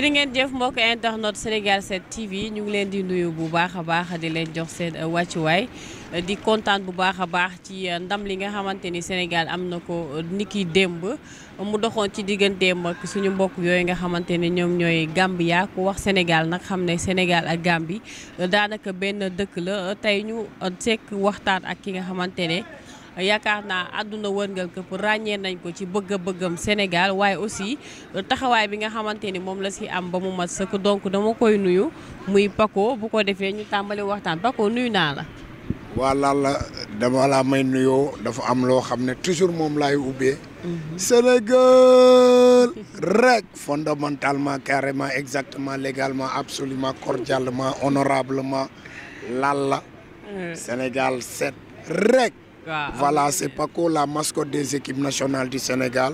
jërë ngeen jëf mbokk internet Sénégal 7 TV ñu ngi leen di nuyu bu baax a baax a di leen jox seen wàccuwaay di kontaan bu baax a baax ci ndam li nga xamante ni Sénégal am na ko niki démb mu doxoon ci diggante ak suñu mbokk yooyu nga xamante ni ñoom ñooy Gambia ko wax Sénégal nag xam ne Sénégal ak Gambie daanaka benn dëkk la tey ñu sekk waxtaan ak ki nga xamante ne. yaakaar naa àdduna wërngal këpp ràññee nañ ko ci bëgg-bëggam Sénégal waaye aussi taxawaay bi nga xamante ni moom la si am ba mu mat sëkk donc dama koy nuyu muy Paco bu ko defee ñu tàmbali waxtaan Paco nuyu naa la. waa la dama laa may nuyoo dafa am loo xam ne toujours moom laay ubbee. Mhm. Sénégal rek fondamentalement carrément exactement légalement absolument cordialement honorablement lalla euh. Sénégal set rek. Ah, ah, voilà c'est Paco la masko des équipes nationales du Sénégal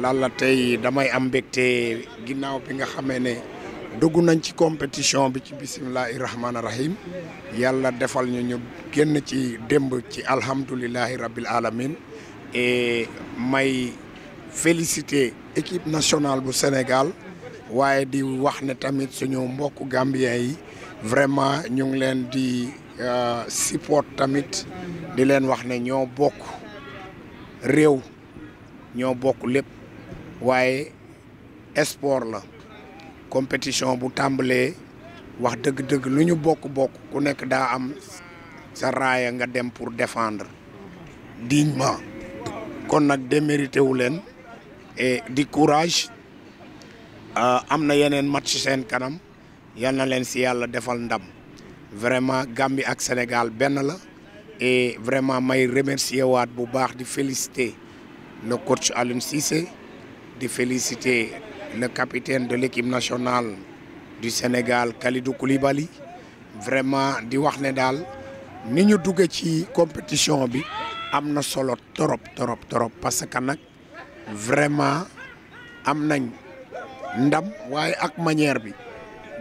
lalla tey damay am mbégte ginnaaw bi nga xamee ne dugg nañ ci compétition bi ci bisimilahi rahmaani rahim yàlla defal ñu ñu génn ci démb ci alhamdulilahi rabbil alamin et may félicité équipe nationale bu Sénégal waaye di wax ne tamit suñu mbokk Gambien yi vraiment ñu ngi leen di Euh, support tamit di leen wax ne ñoo bokk réew ñoo bokk lépp waaye sport la compétition bu tàmbalee wax dëgg-dëgg lu ñu bokk-bokk ku nekk daa am sa raaya nga dem pour défendre ma kon nag démérité wu leen di courage euh, am na yeneen match seen kanam yal na leen si yàlla defal ndam vraiment Gambie ak Sénégal benn la et vraiment may remercier waat bu baax di félicité le coach Alioune Cissé di félicité le capitaine de l'équipe nationale du Sénégal Kalidou Koulibaly vraiment di wax ne daal ni ñu duggee ci compétition bi am na solo trop trop trop parce que nag vraiment am nañ ndam waaye ak manière bi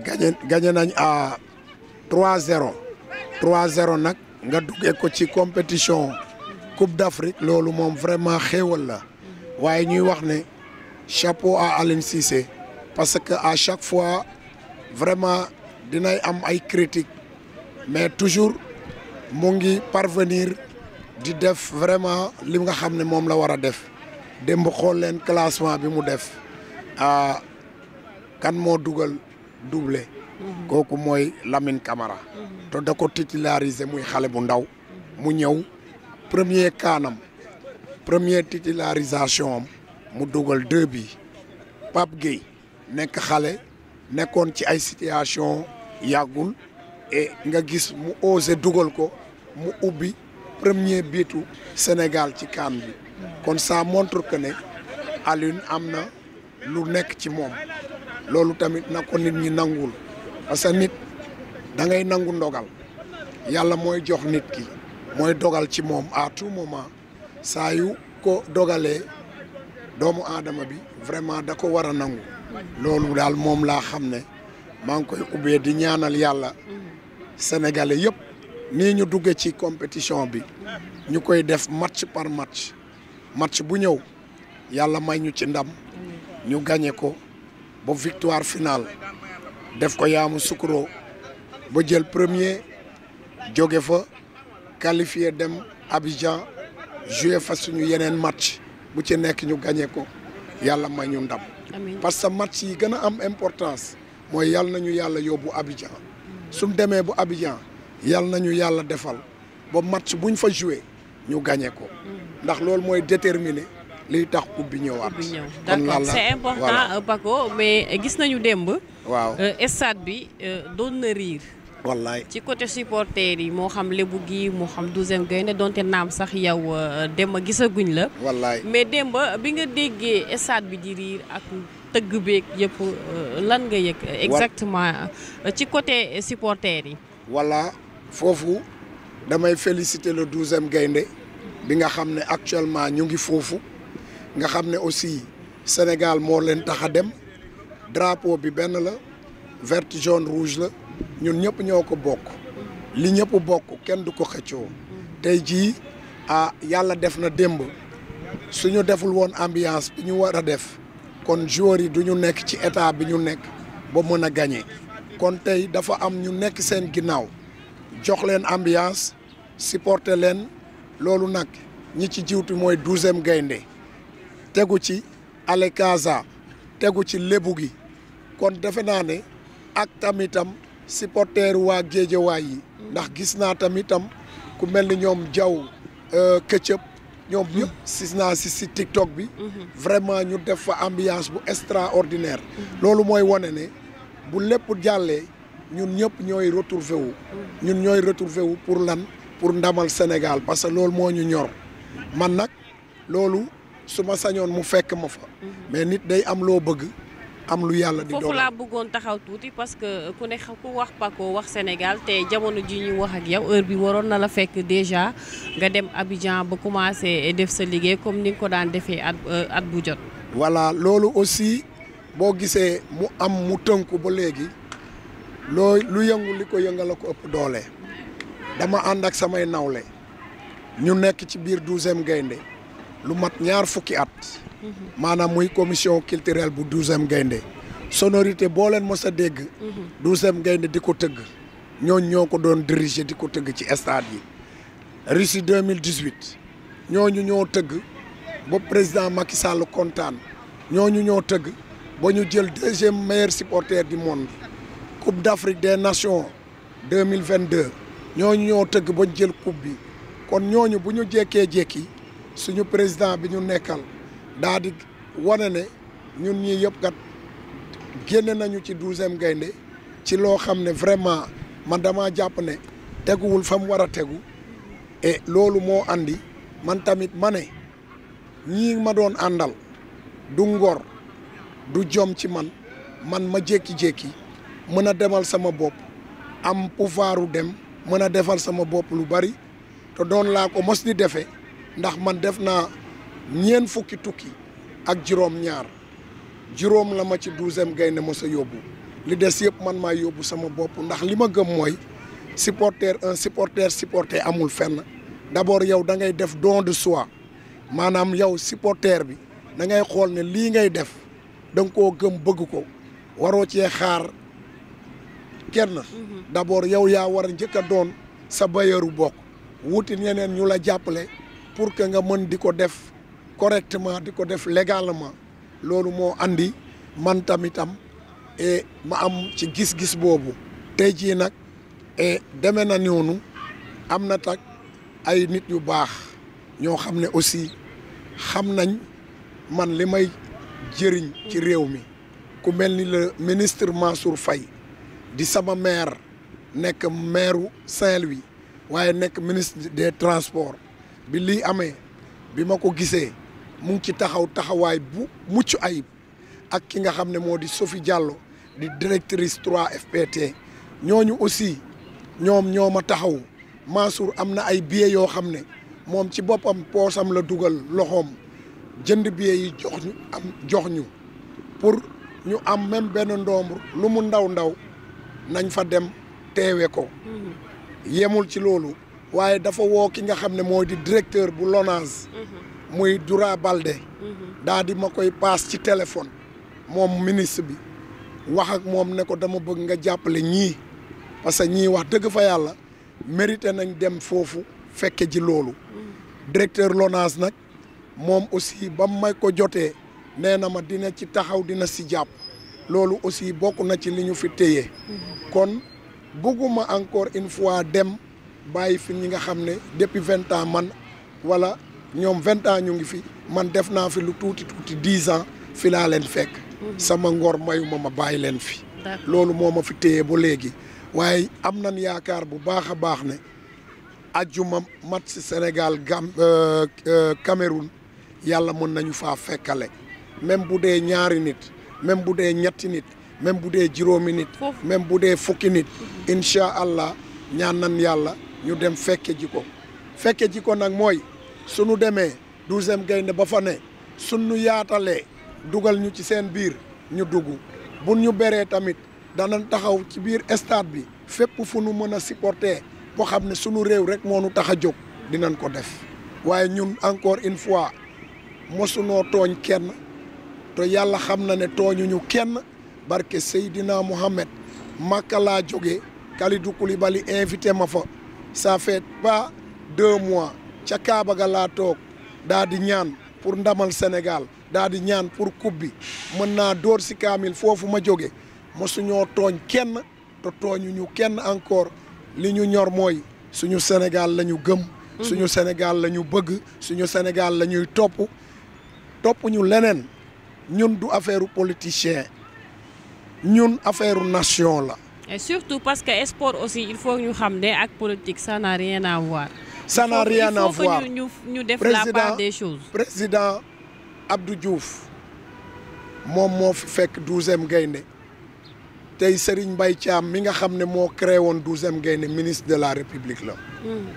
gañe gañe nañ trois 0 trois 0 nag nga duggee ko ci compétition Coupe d'Afrique loolu moom vraiment xéewal la waaye ñuy wax ne chapeau à Aline Cissé parce que à chaque fois vraiment dinay am ay critiques mais toujours mu ngi parvenir di def vraiment li nga xam ne moom la war a def démb xool leen classement bi mu def ah kan moo dugal doublé kooku mooy Lamine kamara te da ko titularisé muy xale bu ndaw mu ñëw premier kaanam premier titularisation am mu dugal deux bi Pape Gueye nekk xale nekkoon ci ay situation yàggul et nga gis mu osé dugal ko mu ubbi premier biitu Sénégal ci kaan bi kon saa montre que ne Alioune am na lu nekk ci moom loolu tamit na ko nit ñi nangul parce que nit da ngay nangu ndogal yàlla mooy jox nit ki mooy dogal ci moom à tout moment saa yu ko dogalee doomu aadama bi vraiment da ko war a nangu loolu daal moom laa xam ne maa ngi koy ubbee di ñaanal yàlla sénégalais yëpp nii ñu dugge ci compétition bi ñu koy def match par match match bu ñëw yàlla may ñu ci ndam ñu gañe ko ba victoire final def ko Yamoussoukro ba jël premier jóge fa qualifié dem Abidjan joué fa suñu yeneen match bu ci nekk ñu gagné ko yàlla may ñu ndam. parce que match yi gën a am importance mooy yàlla nañu yàlla yóbbu Abidjan sum demee bu Abidjan yàlla nañu yàlla defal ba match buñ fa joué ñu gagné ko mm. ndax loolu mooy déterminer. liy tax ubbi ñëw d'accord c'est important euh, Paco mais gis nañu démb. waaw euh, stade bi euh, doon na riir. wallaay ci côté supporter yi moo xam lébu gi moo xam douzième gaynde donte naam sax yow dem a gisaguñ la. wallaay mais démb bi nga déggee stade bi di riir ak tëgg beeg yëpp lan nga yëg. exactement ci côté supporter yi. voilà foofu damay féliciter le douzième gaynde bi nga xam ne actuellement ñu ngi foofu. nga xam ne aussi Sénégal moo leen tax a dem drapeau bi benn la vert jaune rouge la ñun ñëpp ñoo ko bokk li ñëpp bokk kenn du ko xëccoo tey jii ah yàlla def na démb suñu deful woon ambiance bi ñu war a def kon joueurs yi du ñu nekk ci état bi ñu nekk ba mën a gagné kon tey dafa am ñu nekk seen ginnaaw jox leen ambiance supporter leen loolu nag ñi ci jiwtu mooy douzième gaynde tegu ci ale tegu ci lébu gi kon defe naa ne ak tamitam supporteru waa géejawaay yi ndax gis naa tamitam ku mel ni ñoom jaw euh, këccëb ñoom ñëpp sis naa si si TikTok bi mhm. vraiment ñu def fa ambiance bu extraordinaire loolu mooy wane ne bu lépp jàllee ñun ñëpp ñooy retrouvé wu ñun ñooy retrouvé wu pour lan pour ndamal Sénégal parce que loolu moo ñu ñor man nag loolu su ma sañoon mu fekk ma fa. mais nit day am loo bëgg. am lu yàlla di foofu laa bëggoon taxaw tuuti parce que ku ne ku wax Paco wax Sénégal te jamono ji ñuy wax ak yow heure bi waroon na la fekk déjà nga dem Abidjan ba commencé def sa liggéey comme ni nga ko daan defee at euh, at bu jot. voilà loolu aussi boo gisee mu am mu tënku ba léegi loo lu yëngu li ko yëngal la ko ëpp doole dama ànd ak samay nawle ñu nekk ci biir douzième gaynde lu mat ñaar fukki at maanaam muy commission culturelle bu douzième gaynde sonorité boo leen mos a dégg douzième gaynde di ko tëgg ñooñ ñoo ko doon diriger di ko tëgg ci stade yi Russie 2018 ñooñu ñoo tëgg ba président Macky Sall kontaan ñooñu ñoo tëgg ba ñu jël deuxième meilleur supporter du monde coupe d'Afrique des nations 2022 ñooñu ñoo tëgg ba ñu jël coupe bi kon ñooñu bu ñu jekkee jekki suñu président bi ñu nekkal daa di wane ne ñun ñii yëpp kat génne nañu ci douzième gaynde ci loo xam ne vraiment ma dama jàpp ne teguwul fa mu war a tegu e loolu moo andi man tamit ma ne ñii ma doon àndal du ngor du jom ci man man ma jékki-jékki mën a demal sama bopp am pouvoiru dem mën a defal sama bopp lu bari te doon laa ko mos di defee ndax man def naa ñeent fukki tukki ak juróom ñaar juróom la ma ci douzième gaynde mos a yóbbu li des yëpp man maa yóbbu sama bopp ndax li ma gëm mooy supporter un supporter supporter amul fenn d'abord yow da ngay def don de soi maanaam yow supporter bi da ngay xool ne lii ngay def da koo gëm bëgg ko waroo cee xaar kenn mhm. d'abord yow yaa war a njëkk a doon sa bayeeru bokk wuti ñeneen ñu la jàppale pour que nga mën di ko def correctement di ko def légalement loolu moo andi man tamitam et ma am ci gis-gis boobu tey jii nag deme demee na noonu am na tak ay nit yu baax ñoo xam ne aussi xam nañ man li may jëriñ ci réew mi ku mel ni la ministre Mansour Faye di sama maire nekk maireu Saint-Louis waaye nekk ministre des transport bi lii amee bi ma ko gisee mu ngi ci taxaw taxawaay bu mucc ayib ak ki nga xam ne moo di Sophie jàlloo di directrice 3FPT ñooñu aussi ñoom ñoo ma taxaw Mansour am na ay billets yoo xam ne moom ci boppam poosam la dugal loxoom jënd billets yi jox am jox ñu pour ñu am même benn ndombre lu mu ndaw ndaw nañ fa dem teewe ko mm-hmm. yemul ci loolu waaye dafa woo ki nga xam ne moo di directeur bu LONASE mhm. muy Dura Balde mhm. daa di ma koy paas ci téléphone moom ministre bi wax ak moom ne ko dama bëgg nga jàppale ñii parce que ñii wax dëgg fa yàlla mérité nañ dem foofu fekke ji loolu mhm. directeur LONASE nag moom aussi ba may ko jotee nee na ma dina ci taxaw dina si jàpp loolu aussi bokk na ci ni ñu fi téye kon bëgguma encore une fois dem bàyyi fi ñi nga xam ne depuis vingt ans man wala ñoom vingt ans ñu ngi fi man def naa fi lu tuuti tuuti dix ans fi laa leen fekk. Mhm. sama ngor mayuma ma bàyyi leen fi. loolu moo ma fi téye ba léegi. waaye am nan yaakaar bu baax a baax ne ajjuma mat si Sénégal Gam euh, euh, Cameroun yàlla mën nañu faa fekkale même bu dee ñaari nit même bu dee ñetti nit même bu dee juróomi nit. même bu dee fukki nit. Mhm. incha allah ñaan nan yàlla. ñu dem fekke ji ko fekke ji ko nag mooy sunu demee douzième gaynde ba fa ne sunu yaatalee dugal ñu ci seen biir ñu dugg bu ñu beree tamit danañ taxaw ci biir stade bi fépp fu nu mën a supporter boo xam ne suñu réew rek moo nu tax a jóg dinañ ko def waaye ñun encore une fois mosunoo tooñ kenn te yàlla xam na ne tooñuñu kenn barke Seydina Mohamed Makka laa jóge Kalidou Koulibaly invité ma fa ça fait pas deux mois ca Kaaba ga laa toog daa ñaan pour ndamal Sénégal daa di ñaan pour coupe mën naa dóor si kaamil foofu ma jóge mosuñoo tooñ kenn te ñu kenn encore li ñu ñor mooy suñu Sénégal la ñu gëm mhm. suñu Sénégal la ñu bëgg suñu Sénégal la ñuy topp topp ñu leneen ñun du affaire politicien ñun affaire nation la Et surtout parce que sport aussi il faut ñu xam ne ak politique ça n'a rien à voir. ça n'a ñu def la part des choses. président Abdou Diouf moom moo fi fekk douzième gaynde tey Serigne mbay Thiam mi nga xam ne moo créé woon douzième gaynde ministre de la république la. Hmm.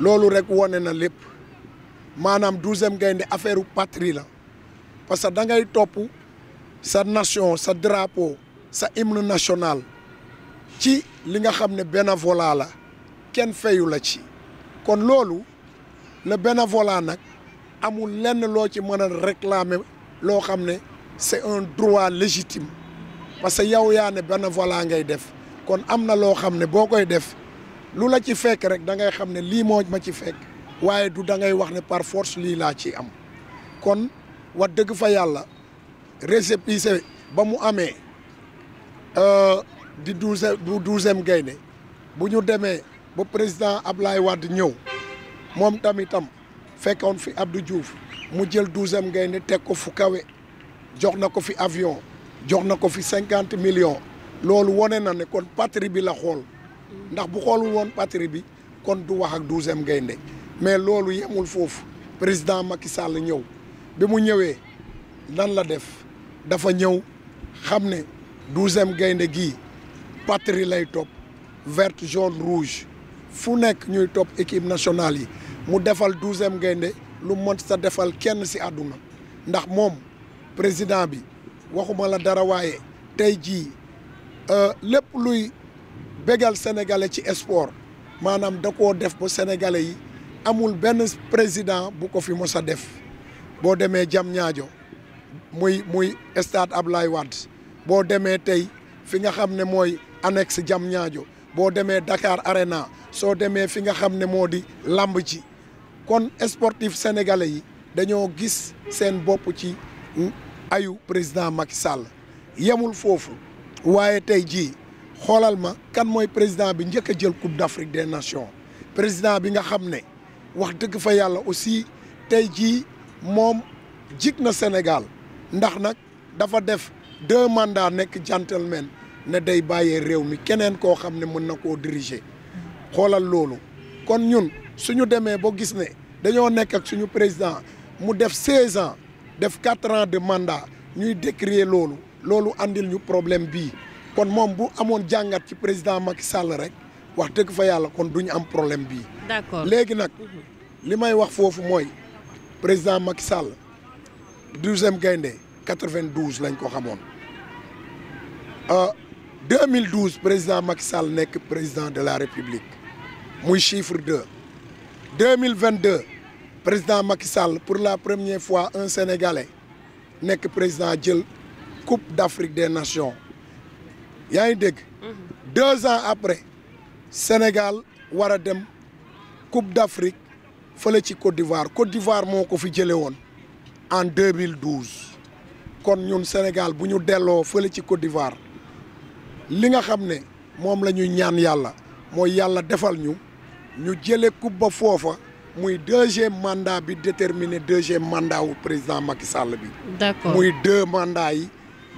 loolu rek wone na lépp maanaam douzième gaynde affaire u la parce que da ngay topp sa nation sa drapeau sa hymne national. ci li nga xam ne benn bénévolat la kenn fayu la ci kon loolu benn bénévolat nag amul lenn loo ci mën a réclamer loo xam ne c'est un droit légitime parce que yow yaa ne benn bénévolat ngay def kon am na loo xam ne boo koy def lu la ci fekk rek da ngay xam ne lii moo ma ci fekk waaye du da ngay wax ne par force lii laa ci am kon wax dëgg fa yàlla récépissé ba mu amee euh, di douze du douzième gaynde bu ñu demee ba président Ablaye Wade ñëw moom tamitam fekkoon fi Abdou Diouf mu jël douzième gaynde teg ko fu kawe jox na ko fi avion jox na ko fi cinquante millions loolu wone na ne kon patrie bi la xool ndax bu xoolul woon patrie bi kon du wax ak douzième gaynde mais loolu yemul foofu président Macky Sall ñëw bi mu ñëwee nan la def dafa ñëw xam ne douzième gaynde gii patrie lay topp verte jaune rouge fu nekk ñuy topp équipe nationale yi mu defal douzième gaynde lu mën sa defal kenn ci àdduna ndax moom président bi waxuma la dara waaye tey jii euh, lépp luy bégal sénégalais ci sport maanaam da ko def ba sénégalais yi amul benn président bu ko fi mos a def boo demee jam ñaajo muy muy stade Ablaye Wade boo demee tey fi nga xam ne mooy annexe jam ñaajo boo demee Dakar Arena soo demee fi nga xam ne moo di làmb ji kon sportif sénégalais yi dañoo gis seen bopp ci ayu président Macky sàll yemul foofu waaye tey jii xoolal ma kan mooy président bi njëkk a jël coupe d'Afrique des nations président bi nga xam ne wax dëgg fa yàlla aussi tey jii moom jig na Sénégal ndax nag dafa def deux mandats nekk gentleman ne day bàyyee réew mi keneen koo xam ne mën na koo diriger xoolal loolu kon ñun suñu demee ba gis ne dañoo nekk ak suñu président mu def seize ans def quatre ans de mandat ñuy décrier loolu loolu andil ñu problème bii kon moom bu amoon jàngat ci président Macky Sall rek wax dëgg fa yàlla kon du ñu am problème bi d'accord léegi nag li may wax foofu mooy président Macky Sall douzième gaynde quatre vingt lañ ko xamoon euh, 2012 président Macky Sall nekk président de la république muy chiffre 2 2022 président Macky Sall pour la premier fois un sénégalais nekk président jël coupe d'Afrique des nations yaa ngi dégg. Mhm. deux ans après Sénégal war a dem coupe d'Afrique fële ci Côte d'Ivoire Côte d'Ivoire moo ko fi jëlee woon en 2012 kon ñun Sénégal bu ñu delloo fële ci Côte d'Ivoire. li nga xam ne moom la ñuy ñaan yàlla mooy yàlla defal ñu ñu jële coupe ba foofa muy deuxième mandat bi déterminé deuxième mandat wu président Macky Sall bi. d'accord muy deux mandats yi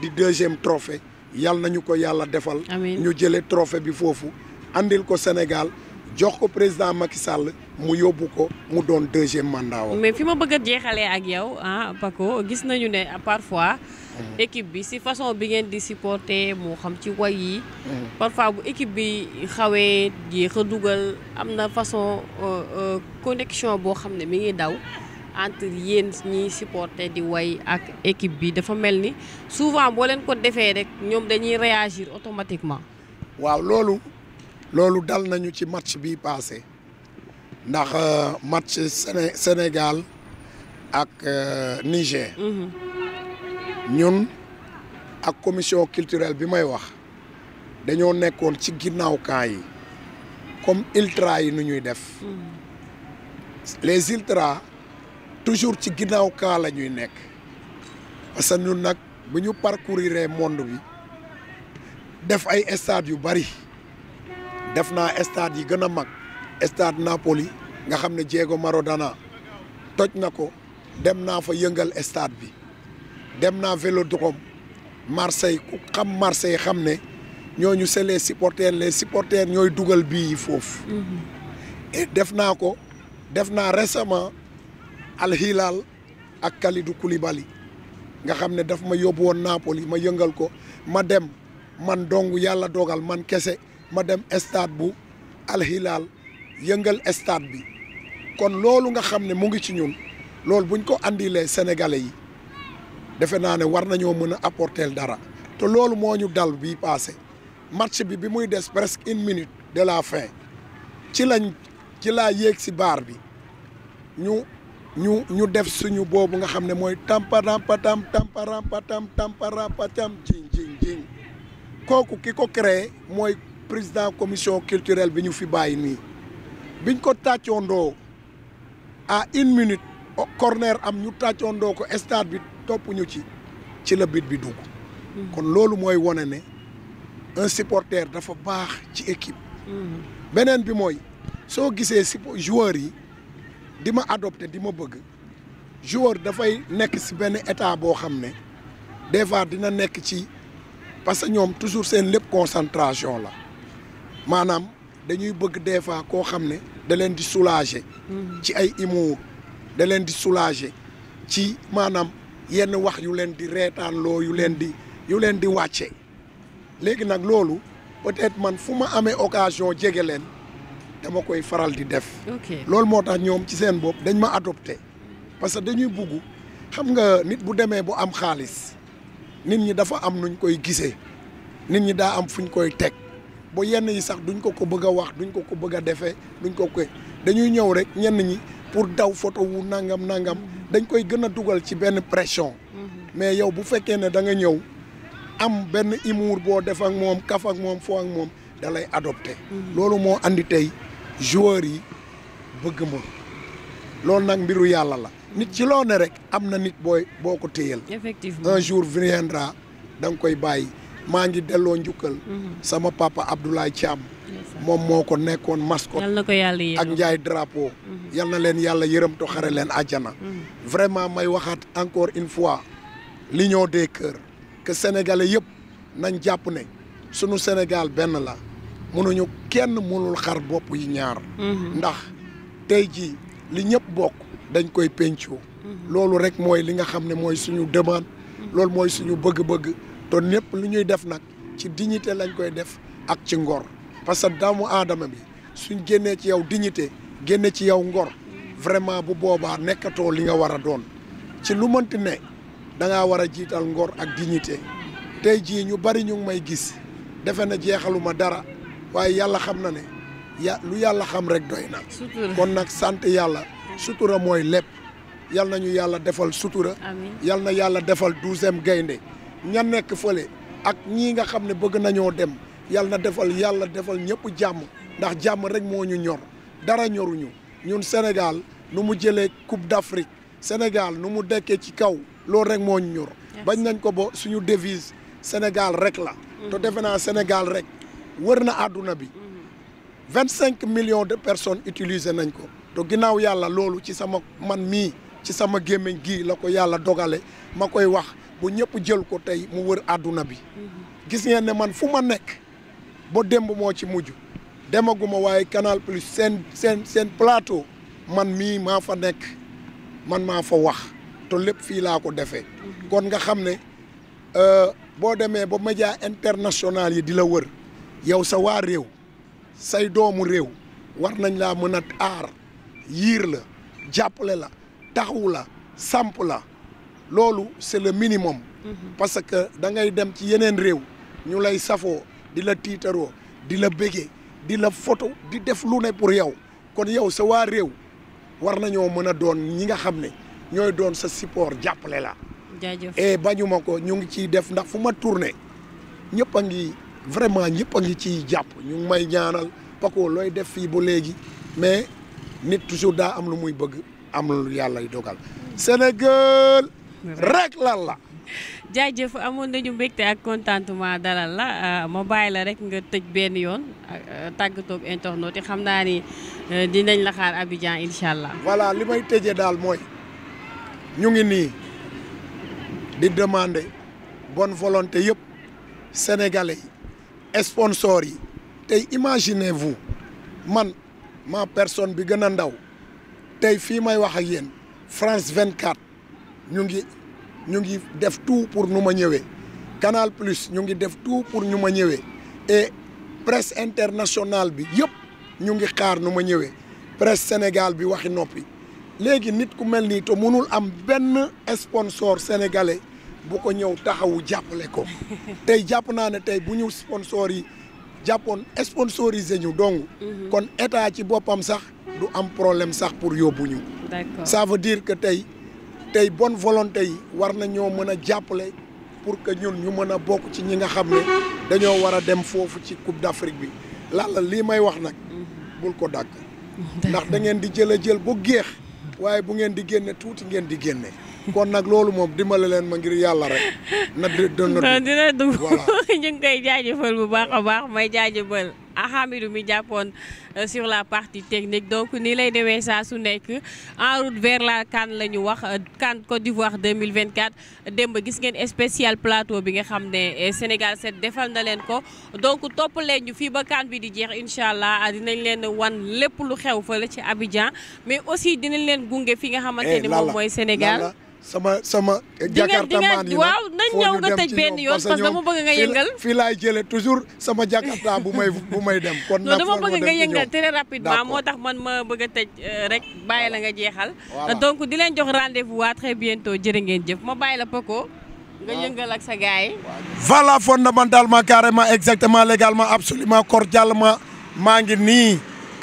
di deuxième trophée yàlla nañu ko yàlla defal. ñu jële trophée bi foofu indil ko Sénégal. jox ko président Macky Sall mu yóbbu ko mu doon deuxième mandat woo. mais fi ma bëgg a jeexalee ak yow ah Paco gis nañu ne parfois. Mhm. équipe bi si façon bi ngeen di supporter moo xam ci way yi. Mhm. parfois bu équipe bi xawee yéex a dugal am na façon euh, euh, connexion boo xam ne mi ngi daw entre yéen ñi supporter di way ak équipe bi dafa mel ni souvent boo leen ko defee rek ñoom dañuy réagir automatiquement. waaw loolu. loolu dal nañu ci match bi passé ndax euh, match Sénégal ak euh, Niger mhm. ñun ak commission culturelle bi may wax dañoo nekkoon ci ginnaaw camp yi comme ultra yi nu ñuy def mhm. les ultra toujours ci ginnaaw camp la nekk parce que ñun nag bu ñu parcourir monde bi def ay stades yu bari def naa stade yi gën a mag stade Napoli nga xam ne maro Maradona toj na ko dem naa fa yëngal stade bi dem naa Vélodrome Marseille ku xam Marseille xam ne ñoo ñu les supporters les supporters ñooy dugal bii yi foofu. Mhm. def naa ko def naa récemment Al ak Kalidou Koulibaly nga xam ne daf ma yóbbu woon Napoli ma yëngal ko ma dem man dong yàlla dogal man kese. ma dem stade bu alxilaal yëngal stade bi kon loolu nga xam ne mu ngi ci ñun loolu buñ ko andilee sénégalais yi defe naa ne war nañoo mën a apporter dara te loolu moo ñu dal bii passé match bi bi muy des presque une minute de la fin ci lañ ci laa yéeg si baar bi ñu ñu ñu def suñu boobu nga xam ne mooy tamparampatam tamparampatam tamparampatam jing jing jing kooku ki ko créé mooy président commission culturelle bi ñu fi bàyyi nii biñ ko tàccoondoo à une minute corner am ñu tàccoondoo ko stade bi topp ñu ci ci la bit bi dugg mm-hmm. kon loolu mooy wane ne un supporter dafa baax ci équipe mm-hmm. beneen bi mooy soo gisee si joueurs yi di ma adopté di ma bëgg joueur dafay nekk si benn état boo xam ne des fois dina nekk ci parce que ñoom toujours seen lépp concentration la maanaam dañuy bëgg des fois koo xam ne da leen di soulager. Mhm. ci ay humour da leen di soulager ci maanaam yenn wax yu leen di reetaanloo yu leen di yu leen di wàcce léegi nag loolu peut-être man fu ma amee occasion jege leen dama koy faral di def. loolu moo tax ñoom ci seen bopp dañ ma adopté parce que dañuy bugg xam nga nit bu demee bu am xaalis nit ñi dafa am nuñ koy gisee nit ñi daa am fu fuñ koy teg. ba yenn yi sax duñ ko ko bëgg a wax duñ ko ko bëgg a defee duñ ko ko dañuy ñëw rek ñenn ñi pour daw photo wu nangam nangam dañ koy gën a dugal ci benn pression. Mhm. mais yow bu fekkee ne da ñëw am benn humour boo def ak moom kaf ak moom foo ak moom dalay lay adopté. Mhm. loolu moo indi tey joueurs yi bëgg ma loolu nag mbiru yàlla la. Mhm. nit ci loo ne rek am na nit booy boo ko téyal. effectivement un jour viendra da nga koy bàyyi. maa ngi delloo njukkal. Mhm. sama papa Abdoulaye Thiam. moom moo ko nekkoon mascotte. yal na ak Ndiaye drapeau. Mhm. yal na leen yàlla yërëm to xare leen àjjana. Mhm. vraiment may waxaat encore une fois l'union des cœurs que sénégalais yëpp nañ jàpp ne sunu Sénégal benn la mënuñu kenn mënul xar bopp yi ñaar. ndax tey ji li ñëpp bokk dañ koy pencoo. loolu rek mooy li nga xam ne mooy suñu demande. loolu mooy suñu bëgg-bëgg. te lépp lu ñuy def nag ci dignité lañ koy def ak ci ngor parce que doomu aadama bi suñ génnee ci yow dignité génne ci yow ngor vraiment bu boobaa nekkatoo li nga war a doon ci lu mënti ne da ngaa war a jiital ngor ak dignité tey jii ñu bari ñu may gis defe na jeexaluma dara waaye yàlla xam na ne ya lu yàlla xam rek doy na. kon nag sant yàlla. sutura mooy lépp. yal na ñu yàlla defal sutura. amiin yal na yàlla defal douzième gaynde ña nekk fële ak ñii nga xam ne bëgg nañoo dem yàlla na defal yàlla defal ñëpp jàmm ndax jàmm rek moo ñu ñor dara ñoruñu ñun Sénégal nu mu jëlee Coupe d'Afrique Sénégal nu mu dekkee ci kaw loolu rek moo ñu ñor. bañ nañ ko ba suñu devise Sénégal rek la. Mm-hmm. te defe naa Sénégal rek wër na àdduna bi. Mm-hmm. vingt cinq millions de personnes utilisé nañ ko te ginnaaw yàlla loolu ci sama man mii ci sama gémmiñ gii la ko yàlla dogale ma koy wax ba ñëpp jël ko tey mu wër àdduna bi gis ngeen ne man fu ma nekk ba démb moo ci mujj demaguma waaye Canal Plus seen seen seen plateau man mii maa fa nekk man maa fa wax to lépp fii laa ko defee kon nga xam ne euh, boo demee ba média international yi di la wër yow sa waa réew say doomu réew war nañ laa mën a aar yiir la jàppale la taxawu la samp la loolu c'est le minimum. Mhm. parce que da ngay dem ci yeneen réew ñu lay safoo di la tiitaroo di la bëggee di la photo di def lu ne pour yow kon yow sa waa réew war nañoo mën a doon ñi nga xam ne ñooy doon sa sipport jàppale la. jaajëf et eh, ko ñu ngi ciy def ndax fu ma tourné ñëpp a ngi vraiment ñëpp a ngi ciy jàpp ñu may ñaanal Paco looy def fii ba léegi mais nit toujours daa am lu muy bëgg am lu yàlla dogal mm. Sénégal. rek lal la. jaajëf amoon nañu mbégte ak contentement dalal la euh, ma bàyyi la rek nga tëj benn yoon euh, tàggatoog internautes yi xam naa ni euh, dinañ la xaar Abidjan incha allah. voilà li may tëjee daal mooy ñu ngi nii di demander bon volonté yëpp sénégalais yi sponsors yi tey imaginez-vous man ma personne bi gën a ndaw tey fii may wax ak yéen France vingt 24. ñu ngi ñu ngi def tout pour nu ma ñëwee Canal Plus ñu ngi def tout pour ñu ma ñëwee et presse international bi yëpp ñu ngi xaar nu ma ñëwee presse Sénégal bi waxi noppi léegi nit ku mel nii te mënul am benn sponsor sénégalais bu ko ñëw taxawu jàppale ko tey jàpp naa ne tey bu ñu sponsor yi jàppoon sponsorisé ñu dong. Mhm. kon état ci boppam sax du am problème sax pour yóbbu ñu. ça veut dire que tey. tey bon volonté yi war na ñoo mën a jàppale pour que ñun ñu mën a bokk ci ñi nga xam ne dañoo war a dem foofu ci Coupe d'Afrique bi Lalla lii may wax nag bul ko dàgg ndax da di jël a jël bu géex waaye bu ngeen di génne tuuti ngeen di génne kon nag loolu moom dimbale leen ma ngir yàlla rek na dina dugg ñu ngi koy jaajëfal bu baax a baax may jaajëfal Hamidou mi jàppoon euh, sur la partie technique donc nii lay demee saa su nekk en route vers la kaan la ñu wax euh, CAN Côte d'Ivoire 2024 démb gis ngeen spécial plateau bi nga xam ne euh, Sénégal set defal na leen ko donc topp leen ñu fii ba CAN bi di jeex incha allah ah, dinañ leen wan lépp lu xew fa la ci Abidjan mais aussi dinañ leen gunge fi nga xamante eh, ni moom mooy Sénégal sama sama. jakarta maan yi waaw nañ ñëw nga tëj benn yoon parce que dama yëngal. fii laay jëlee toujours sama jakarta bu may may dem. kon na dama bëgg nga yëngal très rapidement moo tax man ma bëgg a tëj euh, rek bàyyi la nga jeexal. donc di leen jox rendez-vous waa très bientôt jërë ngeen jëf ma bàyyi la Paco. nga yëngal ak sa gars yi. voilà ma carrément exactement légalement absolument cordialement maa ngi nii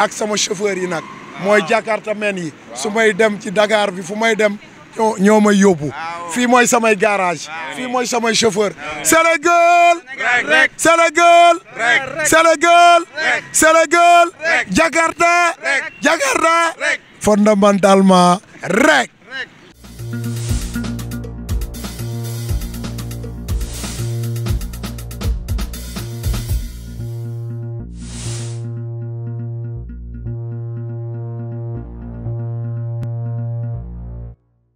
ak sama chauffeur yi nag. mooy jakarta men yi. su may dem ci Dakar bi fu may dem. ñoo may yóbbu fii mooy samay garage fii mooy samay chauffeur Sénégal rek Sénégal rek Sénégal rek Sénégal Jakarta Jakarta fondamentalement rek